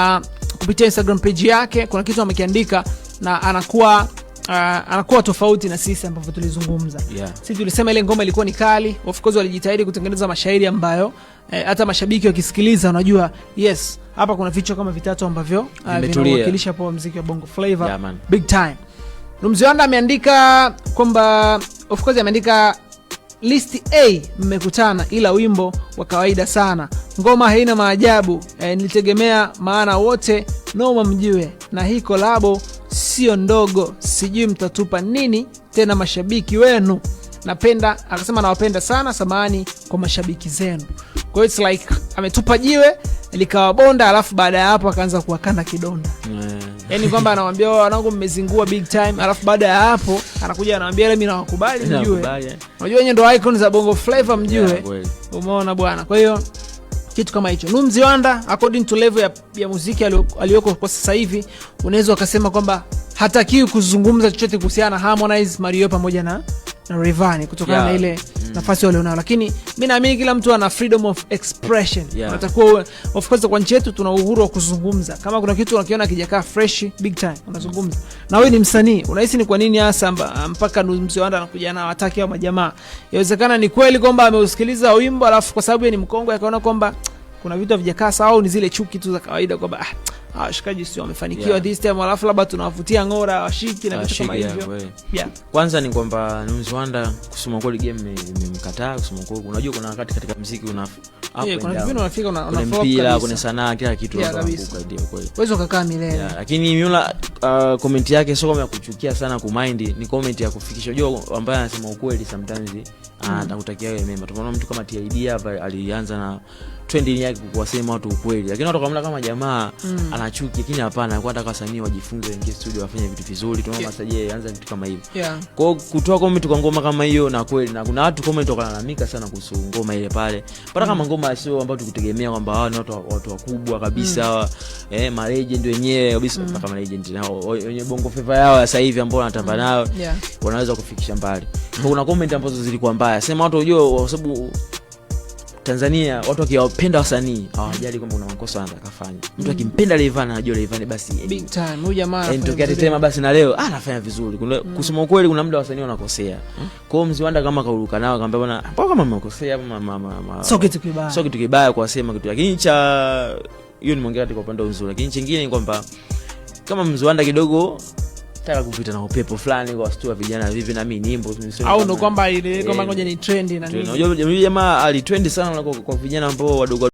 uh, kupitia Instagram page yake kuna kitu amekiandika na anakuwa Uh, anakuwa tofauti na sisi ambavyo tulizungumza. Yeah. Sisi tulisema ile ngoma ilikuwa ni kali. Of course walijitahidi kutengeneza mashairi ambayo eh, hata eh, mashabiki wakisikiliza wanajua yes, hapa kuna vichwa kama vitatu ambavyo uh, vinawakilisha poa muziki wa Bongo flavor yeah, big time. Rumziwanda ameandika kwamba of course ameandika list A mmekutana ila wimbo wa kawaida sana ngoma haina maajabu e, nilitegemea maana wote noma mjue, na hii kolabo sio ndogo, sijui mtatupa nini tena mashabiki wenu. Napenda akasema nawapenda sana, samani kwa mashabiki zenu. Kwa hiyo it's like ametupa jiwe likawabonda, alafu baada ya hapo akaanza kuwakanda kidonda yeah. Yani kwamba anawambia oh, wanangu, mmezingua big time, alafu baada ya hapo anakuja anawambia ile mimi nawakubali mjue, unajua yeah. wenyewe ndo icon za bongo flava mjue yeah, umeona bwana, kwa hiyo kitu kama hicho. numziwanda Mziwanda according to level ya, ya muziki aliyoko kwa sasa hivi unaweza ukasema kwamba hatakiwi kuzungumza chochote kuhusiana na Harmonize, Mario pamoja na na rivani kutokana yeah. na ile mm. nafasi walionayo, lakini mi naamini kila mtu ana freedom of expression yeah. Unatakuwa of course, kwa nchi yetu tuna uhuru wa kuzungumza. Kama kuna kitu unakiona kijakaa fresh big time unazungumza, na wewe ni msanii, unahisi ni kwa nini hasa mpaka mzee Wanda anakuja na wataki wa majamaa? Inawezekana ni kweli kwamba ameusikiliza wimbo alafu kwa sababu ni mkongwe akaona kwamba kuna vitu havijakaa sawa, au ni zile chuki tu za kawaida kwamba ah, washikaji ah, sio wamefanikiwa yeah. this time alafu labda tunawavutia ngora washiki na ah, vitu kama hivyo Kwanza ni kwamba Nzwanda kusema kweli game imemkataa kusema kweli, unajua kuna wakati katika muziki una yeah, kuna vipindi unafika una, una flop mpira, kuna sanaa, kila kitu yeah, kabisa ndio kweli, uwezo kakaa milele yeah, lakini Miula uh, comment yake sio kama ya kuchukia sana kumind, ni comment ya kufikisha. Unajua ambaye anasema ukweli sometimes anakutakia ah, mm. wewe mema. Tunaona mtu kama TID hapa alianza na trending yake kuwasema watu ukweli, lakini watu kama jamaa mm ana chuki, lakini hapana, kwa hata wasanii wajifunze, wengine studio wafanye vitu vizuri, tunaona yeah. Master anza vitu kama hivyo yeah. Kwa kutoa comment kwa ngoma kama hiyo, na kweli na kuna watu comment wakalalamika sana kuhusu ngoma ile pale pata mm. kama ngoma sio ambayo tukutegemea kwamba hawa ni watu watu wakubwa kabisa mm. eh ma legend wenyewe kabisa mm. kama legend nao wenye bongo fever yao sasa hivi ambao wanatamba nayo mm. yeah. wanaweza kufikisha mbali. Kuna comment ambazo zilikuwa mbaya, sema watu ujue, kwa sababu Tanzania watu wakiwapenda wasanii hawajali kwamba una makosa anatakafanya mtu mm. akimpenda Rayvanny anajua Rayvanny basi big time huyu jamaa nitokea tetema basi na leo ah, anafanya vizuri mm. Kusema ukweli kuna muda wasanii wanakosea mm. Kwa hiyo Mziwanda kama kauruka nao akamwambia bwana hapo kama mmekosea hapo sio kitu kibaya sio kitu kibaya kwa sema kitu lakini cha hiyo nimeongea katika upande mzuri lakini chingine ni kwamba kama Mziwanda kidogo sitaka kupita na upepo fulani kwa vijana vipi au kwamba ile kwamba eh, ngoja ni na nini. Unajua jamaa alitrendi sana kwa vijana ambao wadogo